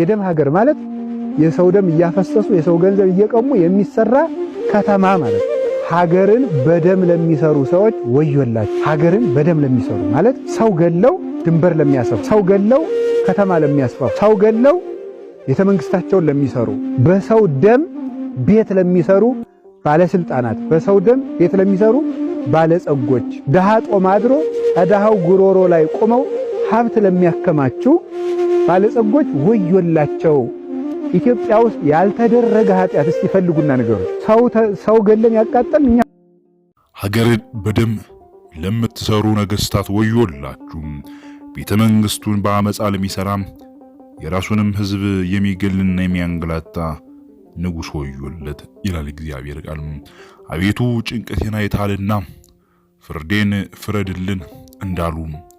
የደም ሀገር ማለት የሰው ደም እያፈሰሱ የሰው ገንዘብ እየቀሙ የሚሰራ ከተማ ማለት ነው። ሀገርን በደም ለሚሰሩ ሰዎች ወዮላቸው። ሀገርን በደም ለሚሰሩ ማለት ሰው ገለው ድንበር ለሚያሰፉ፣ ሰው ገለው ከተማ ለሚያስፋፉ፣ ሰው ገለው ቤተ መንግስታቸውን ለሚሰሩ፣ በሰው ደም ቤት ለሚሰሩ ባለስልጣናት፣ በሰው ደም ቤት ለሚሰሩ ባለጸጎች ድሃ ጦም አድሮ ከድሃው ጉሮሮ ላይ ቆመው ሀብት ለሚያከማቹ ባለጸጎች ወዮላቸው። ኢትዮጵያ ውስጥ ያልተደረገ ኃጢአት እስቲ ፈልጉና ነገሩ። ሰው ገለን ያቃጠል እኛ ሀገርን በደም ለምትሰሩ ነገስታት ወዮላችሁ። ቤተ መንግስቱን በአመፃ ለሚሰራ የራሱንም ህዝብ የሚገልና የሚያንግላታ ንጉሥ ወዮለት ይላል እግዚአብሔር ቃል። አቤቱ ጭንቀቴን አይተሃልና ፍርዴን ፍረድልን እንዳሉ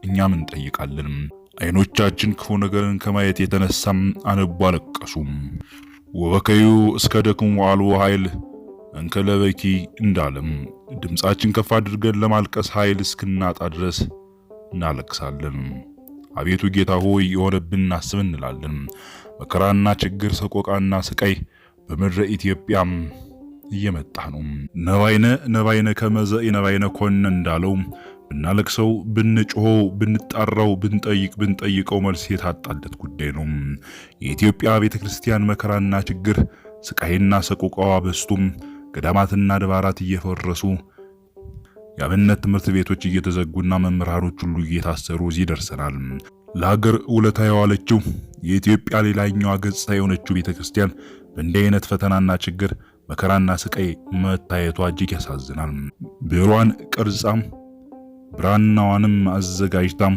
እኛም እንጠይቃለን። አይኖቻችን ክፉ ነገርን ከማየት የተነሳም አነቡ አለቀሱ። ወበከዩ እስከ ደክሙ አልቦ ኃይል እንከለበኪ እንዳለም ድምፃችን ከፍ አድርገን ለማልቀስ ኃይል እስክናጣ ድረስ እናለቅሳለን። አቤቱ ጌታ ሆይ የሆነብን እናስብ እንላለን። መከራና ችግር፣ ሰቆቃና ስቃይ በምድረ ኢትዮጵያም እየመጣ ነው። ነባይነ ነባይነ ከመዘ ነባይነ ኮን እንዳለው ብናለቅሰው ብንጮኸው ብንጣራው ብንጠይቅ ብንጠይቀው መልስ የታጣለት ጉዳይ ነው። የኢትዮጵያ ቤተክርስቲያን መከራና ችግር ስቃይና ሰቆቃዋ በስቱም ገዳማትና ድባራት እየፈረሱ የአብነት ትምህርት ቤቶች እየተዘጉና መምህራኖች ሁሉ እየታሰሩ እዚህ ደርሰናል። ለሀገር ውለታ የዋለችው የኢትዮጵያ ሌላኛዋ ገጽታ የሆነችው ቤተክርስቲያን በእንዲህ አይነት ፈተናና ችግር መከራና ስቃይ መታየቷ እጅግ ያሳዝናል። ብዕሯን ቅርጻም ብራናዋንም አዘጋጅታም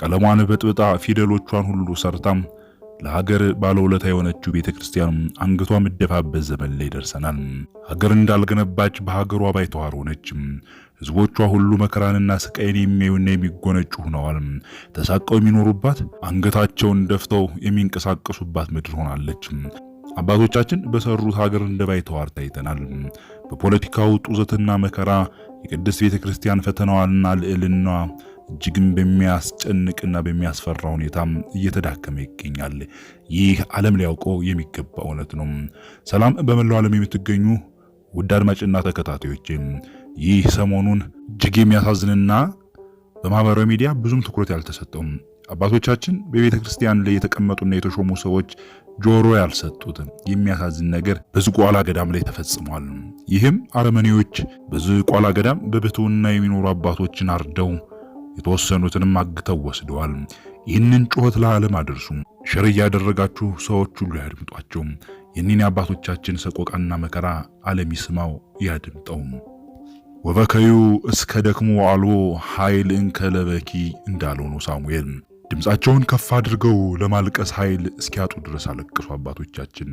ቀለሟን በጥብጣ ፊደሎቿን ሁሉ ሰርታም ለሀገር ባለውለታ የሆነችው ቤተ ክርስቲያን አንገቷ ምደፋበት ዘመን ላይ ደርሰናል። ሀገር እንዳልገነባች በሀገሯ ባይተዋር ሆነች። ህዝቦቿ ሁሉ መከራንና ስቃይን የሚያዩና የሚጎነጩ ሆነዋል። ተሳቀው የሚኖሩባት አንገታቸውን ደፍተው የሚንቀሳቀሱባት ምድር ሆናለች። አባቶቻችን በሰሩት ሀገር እንደባይ ተዋር ታይተናል። በፖለቲካው ጡዘትና መከራ የቅድስት ቤተ ክርስቲያን ፈተናዋና ልዕልና እጅግም በሚያስጨንቅና በሚያስፈራ ሁኔታ እየተዳከመ ይገኛል። ይህ ዓለም ሊያውቀው የሚገባ እውነት ነው። ሰላም በመላው ዓለም የምትገኙ ውድ አድማጭና ተከታታዮች ይህ ሰሞኑን እጅግ የሚያሳዝንና በማህበራዊ ሚዲያ ብዙም ትኩረት ያልተሰጠው አባቶቻችን በቤተ ክርስቲያን ላይ የተቀመጡና የተሾሙ ሰዎች ጆሮ ያልሰጡትም የሚያሳዝን ነገር በዝቋላ ገዳም ላይ ተፈጽሟል። ይህም አረመኔዎች በዝቋላ ገዳም በብሕትውና የሚኖሩ አባቶችን አርደው የተወሰኑትንም አግተው ወስደዋል። ይህንን ጩኸት ለዓለም አድርሱ። ሸር እያደረጋችሁ ሰዎች ሁሉ ያድምጧቸው። የኒን አባቶቻችን ሰቆቃና መከራ ዓለም ይስማው ያድምጠው። ወበከዩ እስከ ደክሞ አልቦ ኃይል እንከለበኪ እንዳልሆኑ ሳሙኤል ድምፃቸውን ከፍ አድርገው ለማልቀስ ኃይል እስኪያጡ ድረስ አለቀሱ። አባቶቻችን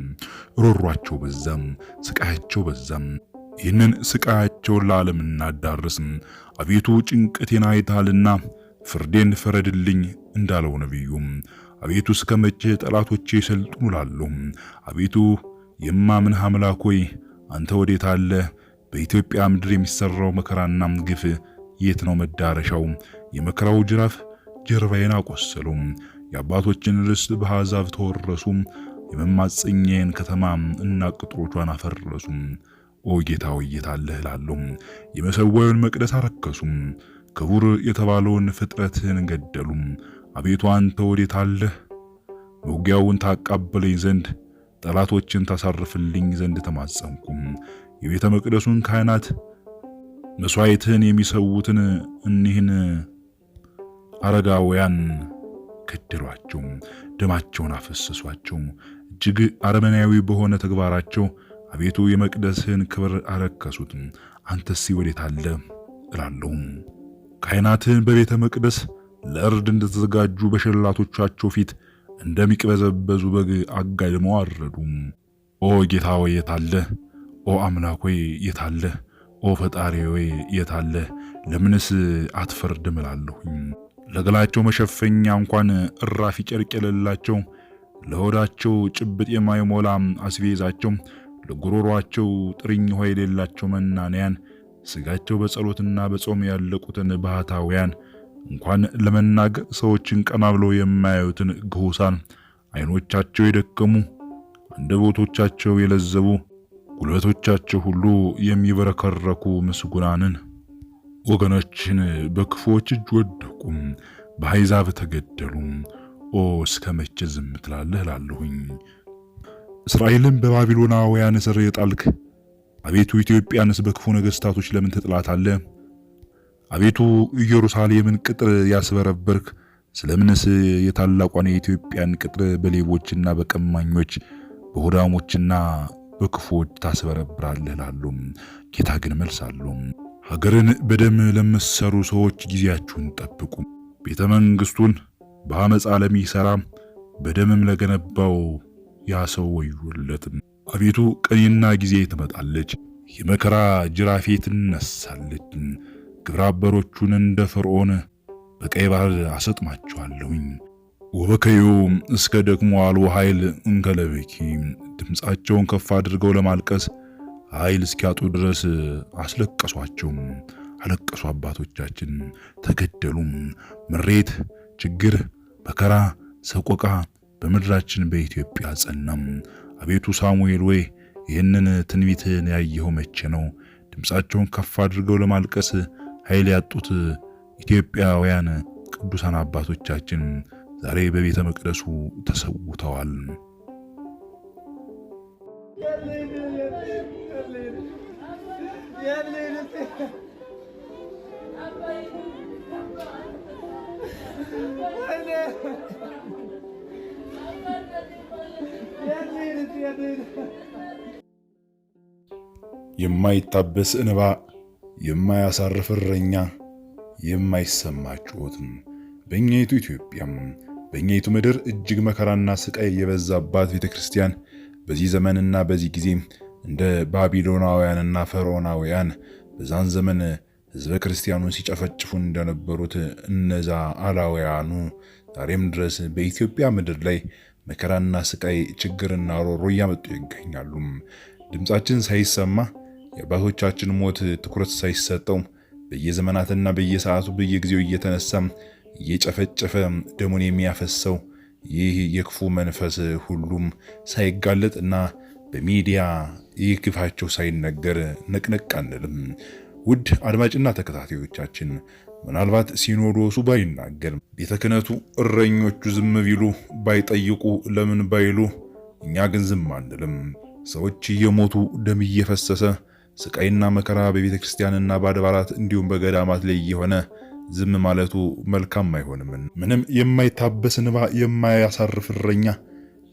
ሮሯቸው በዛም፣ ስቃያቸው በዛም። ይህንን ስቃያቸውን ለዓለም እናዳርስም። አቤቱ ጭንቀቴን አይታልና ፍርዴን ፈረድልኝ እንዳለው ነቢዩም አቤቱ እስከ መቼ ጠላቶቼ ይሰልጡኑ እላለሁ። አቤቱ የማምንህ አምላክ ሆይ አንተ ወዴት አለ? በኢትዮጵያ ምድር የሚሰራው መከራና ግፍ የት ነው መዳረሻው? የመከራው ጅራፍ ጀርባዬን አቆሰሉም። የአባቶችን ርስት በአሕዛብ ተወረሱ የመማፀኛዬን ከተማ እና ቅጥሮቿን አፈረሱ ኦ ጌታ ሆይ የታለህ እላለሁ። የመሰዋዩን መቅደስ አረከሱም። ክቡር የተባለውን ፍጥረትህን ገደሉም። አቤቱ አንተ ወዴት አለህ? መውጊያውን ታቃብለኝ ዘንድ ጠላቶችን ታሳርፍልኝ ዘንድ ተማጸንኩ። የቤተ መቅደሱን ካህናት መስዋዕትህን የሚሰዉትን እኒህን አረጋውያን ገደሏቸው፣ ደማቸውን አፈሰሷቸው። እጅግ አረመናዊ በሆነ ተግባራቸው አቤቱ የመቅደስህን ክብር አረከሱት፣ አንተስ ወዴት አለ እላለሁ። ካህናትህን በቤተ መቅደስ ለእርድ እንደተዘጋጁ በሸላቶቻቸው ፊት እንደሚቅበዘበዙ በግ አጋድመው አረዱ። ኦ ጌታ ወይ የታለ? ኦ አምላክ ወይ የታለ? ኦ ፈጣሪ ወይ የታለ? ለምንስ አትፈርድም እላለሁኝ። ለገላቸው መሸፈኛ እንኳን እራፊ ጨርቅ የሌላቸው፣ ለሆዳቸው ጭብጥ የማይሞላም አስቤዛቸው፣ ለጉሮሯቸው ጥርኝ ውሃ የሌላቸው መናንያን፣ ስጋቸው በጸሎትና በጾም ያለቁትን ባህታውያን፣ እንኳን ለመናገር ሰዎችን ቀና ብለው የማያዩትን ግሁሳን፣ አይኖቻቸው የደከሙ አንደበቶቻቸው የለዘቡ ጉልበቶቻቸው ሁሉ የሚበረከረኩ ምስጉናንን ወገኖችን በክፉዎች እጅ ወደቁም፣ በአሕዛብ ተገደሉ። ኦ እስከ መቼ ዝም ትላለህ ላለሁኝ እስራኤልን በባቢሎናውያን ስር የጣልክ አቤቱ ኢትዮጵያንስ በክፉ ነገሥታቶች ለምን ትጥላታለ? አቤቱ ኢየሩሳሌምን ቅጥር ያስበረበርክ ስለምንስ የታላቋን የኢትዮጵያን ቅጥር በሌቦችና በቀማኞች በሆዳሞችና በክፉዎች ታስበረብራለህ? ላሉ ጌታ ግን መልስ አለው። ሀገርን በደም ለምትሰሩ ሰዎች ጊዜያችሁን ጠብቁ። ቤተ መንግስቱን በአመፃ ለሚሰራም በደምም ለገነባው ያ ሰው ወዮለትም። አቤቱ ቀኔና ጊዜ ትመጣለች፣ የመከራ ጅራፌ ትነሳለች። ግብረ አበሮቹን እንደ ፈርዖን በቀይ ባህር አሰጥማቸዋለሁኝ። ወበከዩ እስከ ደግሞ አልቦ ኃይል እንከለበኪ ድምፃቸውን ከፍ አድርገው ለማልቀስ ኃይል እስኪያጡ ድረስ አስለቀሷቸውም። አለቀሱ አባቶቻችን፣ ተገደሉም። ምሬት፣ ችግር፣ መከራ፣ ሰቆቃ በምድራችን በኢትዮጵያ ጸናም። አቤቱ ሳሙኤል ወይ ይህንን ትንቢትን ያየኸው መቼ ነው? ድምፃቸውን ከፍ አድርገው ለማልቀስ ኃይል ያጡት ኢትዮጵያውያን ቅዱሳን አባቶቻችን ዛሬ በቤተ መቅደሱ ተሰውተዋል። የማይታበስ እንባ፣ የማያሳርፍ እረኛ፣ የማይሰማ ጩኸትም በእኛይቱ ኢትዮጵያም በእኛይቱ ምድር እጅግ መከራና ስቃይ የበዛባት ቤተ ክርስቲያን በዚህ ዘመንና በዚህ ጊዜ እንደ ባቢሎናውያንና ፈርዖናውያን በዛን ዘመን ሕዝበ ክርስቲያኑን ሲጨፈጭፉ እንደነበሩት እነዛ አላውያኑ ዛሬም ድረስ በኢትዮጵያ ምድር ላይ መከራና ስቃይ፣ ችግርና ሮሮ እያመጡ ይገኛሉ። ድምፃችን ሳይሰማ የአባቶቻችን ሞት ትኩረት ሳይሰጠው በየዘመናትና በየሰዓቱ በየጊዜው እየተነሳ እየጨፈጨፈ ደሙን የሚያፈሰው ይህ የክፉ መንፈስ ሁሉም ሳይጋለጥ በሚዲያ ይህ ግፋቸው ሳይነገር ነቅነቅ አንልም። ውድ አድማጭና ተከታታዮቻችን ምናልባት ሲኖዶሱ ባይናገር፣ ቤተ ክህነቱ እረኞቹ ዝም ቢሉ፣ ባይጠይቁ፣ ለምን ባይሉ እኛ ግን ዝም አንልም። ሰዎች እየሞቱ ደም እየፈሰሰ ስቃይና መከራ በቤተ ክርስቲያንና በአድባራት እንዲሁም በገዳማት ላይ እየሆነ ዝም ማለቱ መልካም አይሆንም። ምንም የማይታበስ እንባ የማያሳርፍ እረኛ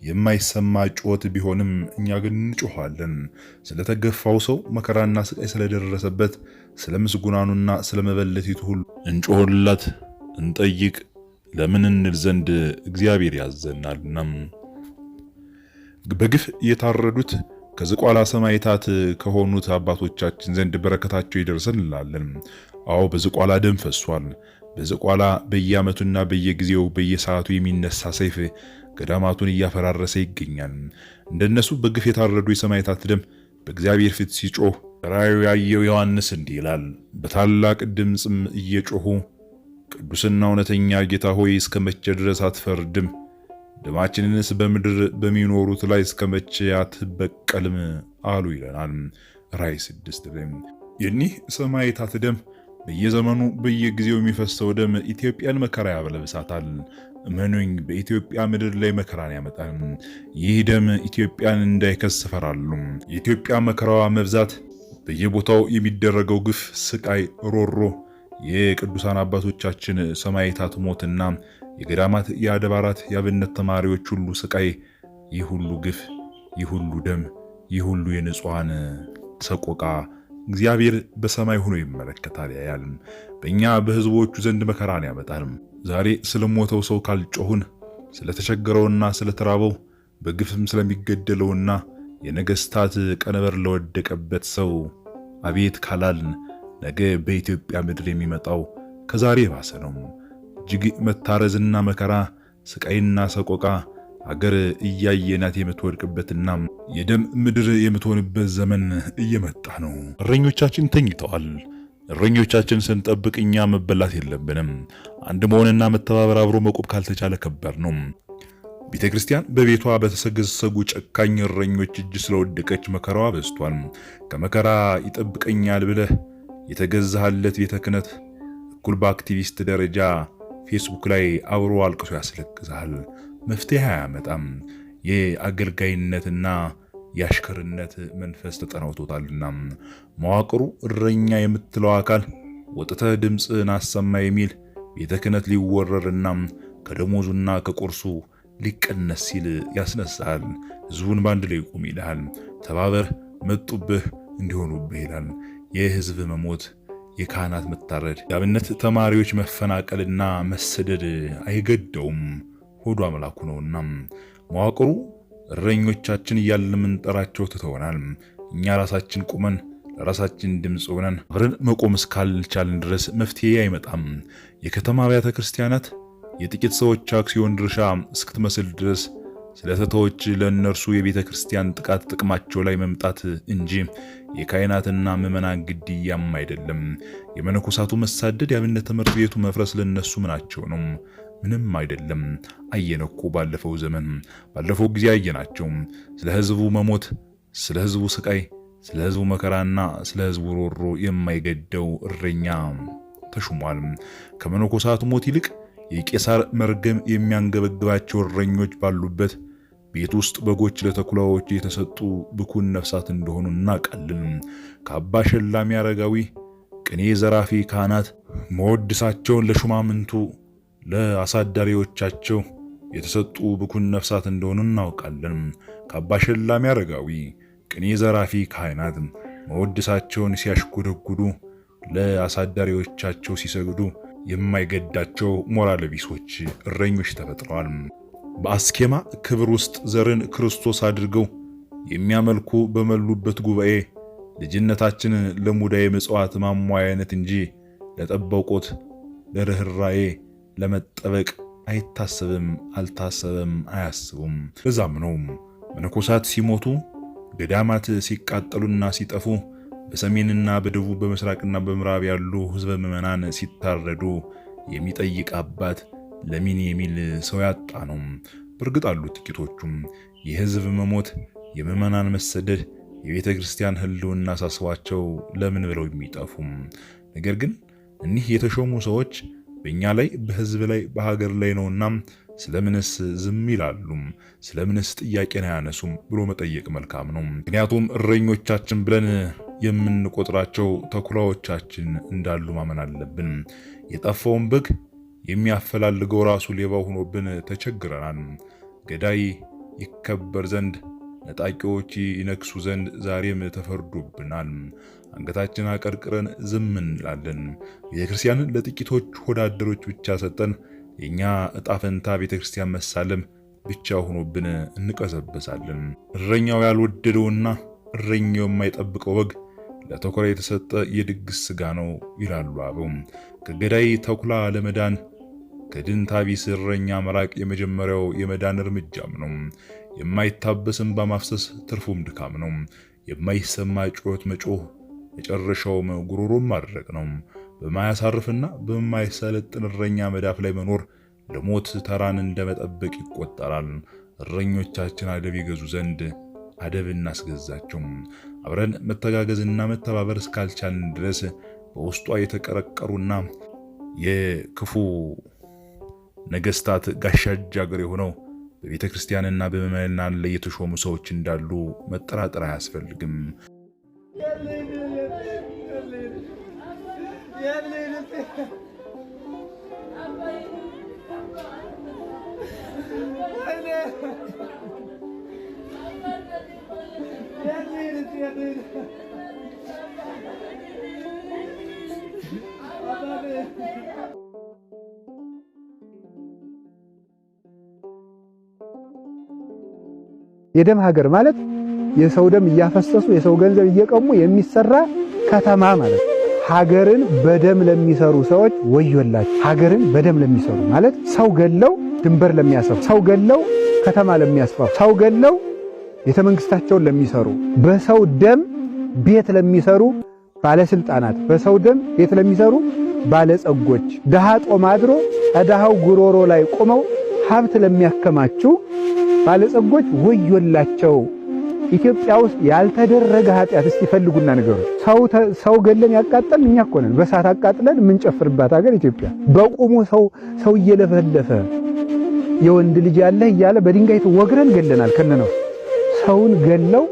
የማይሰማ ጩኸት ቢሆንም እኛ ግን እንጮኋለን። ስለተገፋው ሰው መከራና ስቃይ ስለደረሰበት ስለ ምስጉናኑና ስለ መበለቲቱ ሁሉ እንጮህላት፣ እንጠይቅ ለምን እንል ዘንድ እግዚአብሔር ያዘናልና። በግፍ የታረዱት ከዝቋላ ሰማይታት ከሆኑት አባቶቻችን ዘንድ በረከታቸው ይደርሰን እንላለን። አዎ በዝቋላ ደም ፈሷል። በዝቋላ በየዓመቱና በየጊዜው በየሰዓቱ የሚነሳ ሰይፍ ገዳማቱን እያፈራረሰ ይገኛል። እንደነሱ በግፍ የታረዱ የሰማዕታት ደም በእግዚአብሔር ፊት ሲጮህ ራዩ ያየው ዮሐንስ እንዲህ ይላል። በታላቅ ድምፅም እየጮሁ ቅዱስና እውነተኛ ጌታ ሆይ እስከ መቼ ድረስ አትፈርድም? ደማችንንስ በምድር በሚኖሩት ላይ እስከ መቼ አትበቀልም? አሉ ይለናል ራእይ ስድስት ላይ የኒህ ሰማዕታት ደም በየዘመኑ በየጊዜው የሚፈሰው ደም ኢትዮጵያን መከራ ያበለብሳታል። እመኑኝ፣ በኢትዮጵያ ምድር ላይ መከራን ያመጣል። ይህ ደም ኢትዮጵያን እንዳይከስ ፈራሉ። የኢትዮጵያ መከራዋ መብዛት፣ በየቦታው የሚደረገው ግፍ፣ ስቃይ፣ ሮሮ የቅዱሳን አባቶቻችን ሰማዕታት ሞትና የገዳማት የአድባራት የአብነት ተማሪዎች ሁሉ ስቃይ፣ ይህ ሁሉ ግፍ፣ ይህ ሁሉ ደም፣ ይህ ሁሉ የንጹሐን ሰቆቃ እግዚአብሔር በሰማይ ሆኖ ይመለከታል ያያልም። በእኛ በህዝቦቹ ዘንድ መከራን ያመጣልም። ዛሬ ስለሞተው ሰው ካልጮሁን፣ ስለተቸገረውና ስለተራበው በግፍም ስለሚገደለውና የነገስታት ቀንበር ለወደቀበት ሰው አቤት ካላልን ነገ በኢትዮጵያ ምድር የሚመጣው ከዛሬ ባሰ ነው። እጅግ መታረዝና መከራ፣ ስቃይና ሰቆቃ ሀገር እያየናት የምትወድቅበትና የደም ምድር የምትሆንበት ዘመን እየመጣ ነው። እረኞቻችን ተኝተዋል። እረኞቻችን ስንጠብቅ እኛ መበላት የለብንም። አንድ መሆንና መተባበር አብሮ መቆም ካልተቻለ ከባድ ነው። ቤተ ክርስቲያን በቤቷ በተሰገሰጉ ጨካኝ እረኞች እጅ ስለወደቀች መከራዋ በዝቷል። ከመከራ ይጠብቀኛል ብለህ የተገዛህለት ቤተ ክህነት እኩል በአክቲቪስት ደረጃ ፌስቡክ ላይ አብሮ አልቅሶ ያስለቅዛል። መፍትሄ አያመጣም። የአገልጋይነትና የአሽከርነት መንፈስ ተጠናውቶታልና መዋቅሩ እረኛ የምትለው አካል ወጥተ ድምፅን አሰማ የሚል ቤተ ክህነት ሊወረርና ከደሞዙና ከቁርሱ ሊቀነስ ሲል ያስነሳሃል። ህዝቡን በአንድ ላይ ቁም ይልሃል። ተባበር መጡብህ እንዲሆኑብህ ይላል። የህዝብ መሞት፣ የካህናት መታረድ፣ የአብነት ተማሪዎች መፈናቀልና መሰደድ አይገደውም። ሆዱ አምላኩ ነውና መዋቅሩ እረኞቻችን እያልን የምንጠራቸው ትተውናል። እኛ ራሳችን ቁመን ለራሳችን ድምፅ ሆነን አብረን መቆም እስካልቻልን ድረስ መፍትሄ አይመጣም። የከተማ አብያተ ክርስቲያናት የጥቂት ሰዎች አክሲዮን ድርሻ እስክትመስል ድረስ ተተዎች ለእነርሱ የቤተ ክርስቲያን ጥቃት ጥቅማቸው ላይ መምጣት እንጂ የካህናትና ምዕመናን ግድያም አይደለም። የመነኮሳቱ መሳደድ፣ የአብነት ትምህርት ቤቱ መፍረስ ለነሱ ምናቸው ነው። ምንም አይደለም። አየነኮ ባለፈው ዘመን ባለፈው ጊዜ አየናቸው። ስለ ህዝቡ መሞት፣ ስለ ህዝቡ ስቃይ፣ ስለ ህዝቡ መከራና ስለ ህዝቡ ሮሮ የማይገደው እረኛ ተሹሟል። ከመነኮሳት ሞት ይልቅ የቄሳር መርገም የሚያንገበግባቸው እረኞች ባሉበት ቤት ውስጥ በጎች ለተኩላዎች የተሰጡ ብኩን ነፍሳት እንደሆኑ እናቃልን። ከአባ ሸላሚ አረጋዊ ቅኔ ዘራፊ ካህናት መወድሳቸውን ለሹማምንቱ ለአሳዳሪዎቻቸው የተሰጡ ብኩን ነፍሳት እንደሆኑ እናውቃለን። ከአባ ሸላሚ አረጋዊ ቅኔ ዘራፊ ካህናት መወድሳቸውን ሲያሽጎደጉዱ ለአሳዳሪዎቻቸው ሲሰግዱ የማይገዳቸው ሞራል ቢሶች እረኞች ተፈጥረዋል። በአስኬማ ክብር ውስጥ ዘርን ክርስቶስ አድርገው የሚያመልኩ በመሉበት ጉባኤ ልጅነታችንን ለሙዳየ ምጽዋት ማሟያነት እንጂ ለጠበቆት ለርኅራዬ ለመጠበቅ አይታሰብም፣ አልታሰበም፣ አያስቡም። ለዛም ነው መነኮሳት ሲሞቱ፣ ገዳማት ሲቃጠሉና ሲጠፉ፣ በሰሜንና በደቡብ በምስራቅና በምዕራብ ያሉ ህዝበ ምዕመናን ሲታረዱ የሚጠይቅ አባት ለምን የሚል ሰው ያጣ ነው። በእርግጥ አሉ ጥቂቶቹም። የህዝብ መሞት፣ የምዕመናን መሰደድ፣ የቤተ ክርስቲያን ህልውና አሳስቧቸው ለምን ብለው የሚጠፉም። ነገር ግን እኒህ የተሾሙ ሰዎች በእኛ ላይ በህዝብ ላይ በሀገር ላይ ነውና ስለምንስ ዝም ይላሉ? ስለምንስ ጥያቄን አያነሱም ብሎ መጠየቅ መልካም ነው። ምክንያቱም እረኞቻችን ብለን የምንቆጥራቸው ተኩላዎቻችን እንዳሉ ማመን አለብን። የጠፋውን በግ የሚያፈላልገው ራሱ ሌባ ሆኖብን ተቸግረናል። ገዳይ ይከበር ዘንድ ነጣቂዎች ይነክሱ ዘንድ ዛሬም ተፈርዶብናል። አንገታችን አቀርቅረን ዝም እንላለን። ቤተክርስቲያንን ለጥቂቶች ወዳደሮች ብቻ ሰጠን። የእኛ እጣ ፈንታ ቤተክርስቲያን መሳለም ብቻ ሆኖብን እንቀሰበሳለን። እረኛው ያልወደደውና እረኛው የማይጠብቀው በግ ለተኩላ የተሰጠ የድግስ ስጋ ነው ይላሉ አበው። ከገዳይ ተኩላ ለመዳን ከድን ታቢስ እረኛ መራቅ የመጀመሪያው የመዳን እርምጃም ነው። የማይታበስም በማፍሰስ ትርፉም ድካም ነው። የማይሰማ ጩኸት መጮህ መጨረሻውም ጉሮሮን ማድረግ ነው። በማያሳርፍና በማይሰለጥን እረኛ መዳፍ ላይ መኖር ለሞት ተራን እንደመጠበቅ ይቆጠራል። እረኞቻችን አደብ ይገዙ ዘንድ አደብ እናስገዛቸው። አብረን መተጋገዝና መተባበር እስካልቻልን ድረስ በውስጧ የተቀረቀሩና የክፉ ነገስታት ጋሻጅ ጃግር የሆነው በቤተ ክርስቲያንና በምዕመናን ላይ የተሾሙ ሰዎች እንዳሉ መጠራጠር አያስፈልግም። የደም ሀገር ማለት የሰው ደም እያፈሰሱ የሰው ገንዘብ እየቀሙ የሚሰራ ከተማ ማለት ነው። ሀገርን በደም ለሚሰሩ ሰዎች ወዮላቸው። ሀገርን በደም ለሚሰሩ ማለት ሰው ገለው ድንበር ለሚያሰፉ፣ ሰው ገለው ከተማ ለሚያስፋፉ፣ ሰው ገለው ቤተ መንግስታቸውን ለሚሰሩ፣ በሰው ደም ቤት ለሚሰሩ ባለስልጣናት፣ በሰው ደም ቤት ለሚሰሩ ባለጸጎች፣ ድሃ ጦም አድሮ ከድሃው ጉሮሮ ላይ ቆመው ሀብት ለሚያከማችው ባለጸጎች ወዮላቸው። ኢትዮጵያ ውስጥ ያልተደረገ ኃጢአት እስቲ ፈልጉና ነገሩ። ሰው ገለን ያቃጠልን እኛ እኮ ነን። በሳት አቃጥለን የምንጨፍርባት ሀገር ኢትዮጵያ። በቁሙ ሰው ሰው እየለፈለፈ የወንድ ልጅ ያለህ እያለ በድንጋይ ወግረን ገለናል። ከነ ነው ሰውን ገለው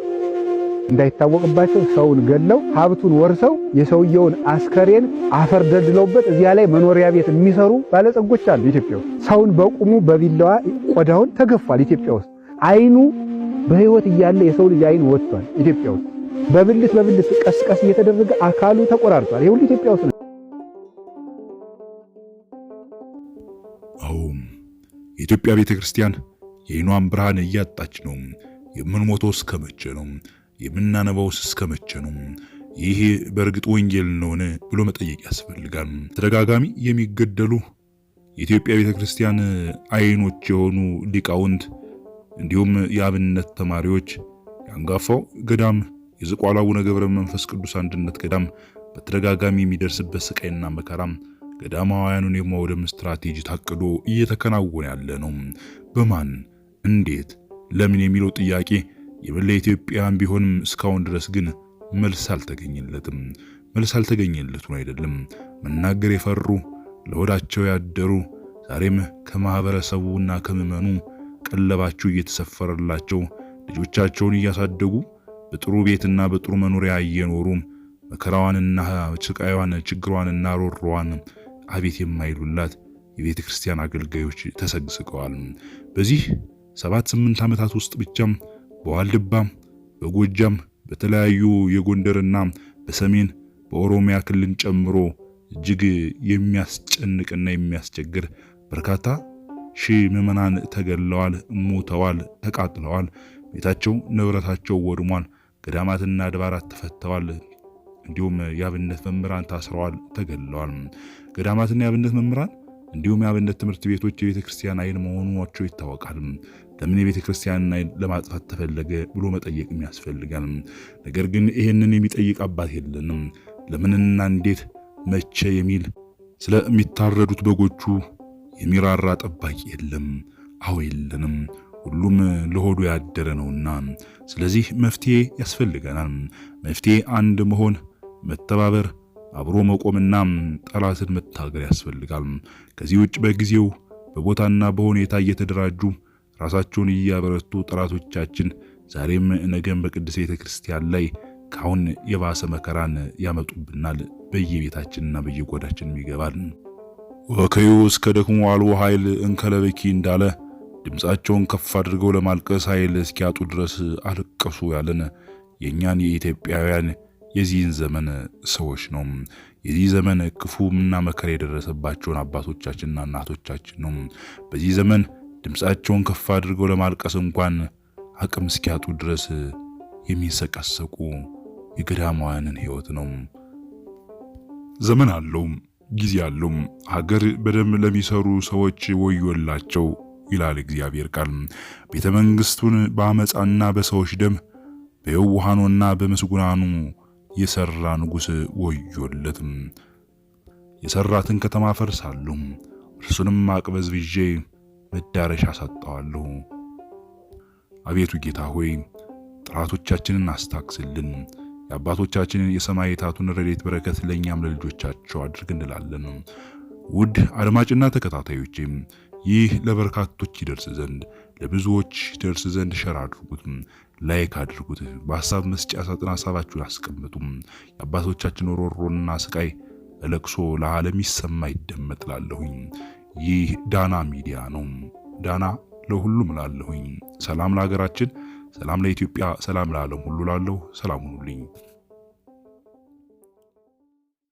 እንዳይታወቅባቸው ሰውን ገለው ሀብቱን ወርሰው የሰውየውን አስከሬን አፈር ደልድለውበት እዚያ ላይ መኖሪያ ቤት የሚሰሩ ባለጸጎች አሉ ኢትዮጵያ ውስጥ። ሰውን በቁሙ በቢላዋ ቆዳውን ተገፏል ኢትዮጵያ ውስጥ አይኑ በህይወት እያለ የሰው ልጅ አይን ወጥቷል። ኢትዮጵያ ውስጥ በብልት በብልት ቀስቀስ እየተደረገ አካሉ ተቆራርጧል። ይሄ ሁሉ ኢትዮጵያ ውስጥ ነው። አዎም የኢትዮጵያ ቤተ ክርስቲያን ብርሃን እያጣች ነው። የምንሞተው እስከ መቼ ነው? የምናነባውስ እስከ መቼ ነው? ይሄ በእርግጥ ወንጌል ነውን ብሎ መጠየቅ ያስፈልጋል። ተደጋጋሚ የሚገደሉ የኢትዮጵያ ቤተ ክርስቲያን አይኖች የሆኑ ሊቃውንት እንዲሁም የአብነት ተማሪዎች የአንጋፋው ገዳም የዝቋላ አቡነ ገብረ መንፈስ ቅዱስ አንድነት ገዳም በተደጋጋሚ የሚደርስበት ስቃይና መከራም ገዳማውያኑን የማውደም ስትራቴጂ ታቅዶ እየተከናወነ ያለ ነው። በማን እንዴት፣ ለምን የሚለው ጥያቄ የመላ ኢትዮጵያን ቢሆንም እስካሁን ድረስ ግን መልስ አልተገኘለትም። መልስ አልተገኘለቱ አይደለም መናገር የፈሩ ለወዳቸው ያደሩ ዛሬም ከማህበረሰቡና ከምዕመኑ ቀለባቸው እየተሰፈረላቸው ልጆቻቸውን እያሳደጉ በጥሩ ቤትና በጥሩ መኖሪያ እየኖሩ መከራዋንና ስቃይዋን ችግሯንና ሮሮዋን አቤት የማይሉላት የቤተ ክርስቲያን አገልጋዮች ተሰግስቀዋል። በዚህ ሰባት ስምንት ዓመታት ውስጥ ብቻ በዋልድባ፣ በጎጃም፣ በተለያዩ የጎንደርና በሰሜን በኦሮሚያ ክልል ጨምሮ እጅግ የሚያስጨንቅና የሚያስቸግር በርካታ ሺህ ምዕመናን ተገድለዋል፣ ሞተዋል፣ ተቃጥለዋል። ቤታቸው ንብረታቸው ወድሟል። ገዳማትና አድባራት ተፈተዋል። እንዲሁም የአብነት መምህራን ታስረዋል፣ ተገድለዋል። ገዳማትና የአብነት መምህራን እንዲሁም የአብነት ትምህርት ቤቶች የቤተ ክርስቲያን አይን መሆኗቸው ይታወቃል። ለምን የቤተ ክርስቲያንን አይን ለማጥፋት ተፈለገ ብሎ መጠየቅም ያስፈልጋል። ነገር ግን ይህንን የሚጠይቅ አባት የለንም። ለምንና እንዴት መቼ የሚል ስለሚታረዱት በጎቹ የሚራራ ጠባቂ የለም። አዎ የለንም። ሁሉም ለሆዱ ያደረ ነውና፣ ስለዚህ መፍትሄ ያስፈልገናል። መፍትሄ አንድ መሆን፣ መተባበር፣ አብሮ መቆምና ጠላትን መታገል ያስፈልጋል። ከዚህ ውጭ በጊዜው በቦታና በሁኔታ እየተደራጁ ራሳቸውን እያበረቱ ጠላቶቻችን ዛሬም ነገም በቅድስት ቤተ ክርስቲያን ላይ ካሁን የባሰ መከራን ያመጡብናል። በየቤታችንና በየጎዳችን ይገባል። ወከዩ እስከ ደክሙ አልቦ ኃይል እንከለበኪ እንዳለ ድምፃቸውን ከፍ አድርገው ለማልቀስ ኃይል እስኪያጡ ድረስ አለቀሱ ያለን የእኛን የኢትዮጵያውያን የዚህን ዘመን ሰዎች ነው። የዚህ ዘመን ክፉ ክፉና መከራ የደረሰባቸውን አባቶቻችንና እናቶቻችን ነው። በዚህ ዘመን ድምፃቸውን ከፍ አድርገው ለማልቀስ እንኳን አቅም እስኪያጡ ድረስ የሚንሰቀሰቁ የገዳማውያንን ሕይወት ነው። ዘመን አለው ጊዜ አሉም። ሀገር በደም ለሚሰሩ ሰዎች ወዮላቸው ይላል እግዚአብሔር ቃል። ቤተ በአመፃና በሰዎች ደም በየውሃኑና በምስጉናኑ የሰራ ንጉሥ ወዮለት። የሰራትን ከተማ ፈርሳሉ፣ እርሱንም ብዤ መዳረሻ አሳጣዋለሁ። አቤቱ ጌታ ሆይ ጥራቶቻችንን አስታክስልን የአባቶቻችንን የሰማዕታቱን ረድኤት በረከት ለእኛም ለልጆቻቸው አድርግ እንላለን። ውድ አድማጭና ተከታታዮችም ይህ ለበርካቶች ይደርስ ዘንድ ለብዙዎች ይደርስ ዘንድ ሸር አድርጉት፣ ላይክ አድርጉት፣ በሀሳብ መስጫ ሳጥን ሀሳባችሁን አስቀምጡም። የአባቶቻችን ሮሮና ስቃይ ለቅሶ ለዓለም ይሰማ ይደመጥ ላለሁኝ ይህ ዳና ሚዲያ ነው። ዳና ለሁሉም ላለሁኝ። ሰላም ለሀገራችን ሰላም ለኢትዮጵያ፣ ሰላም ለዓለም ሁሉ ላለው ሰላም ሁኑልኝ።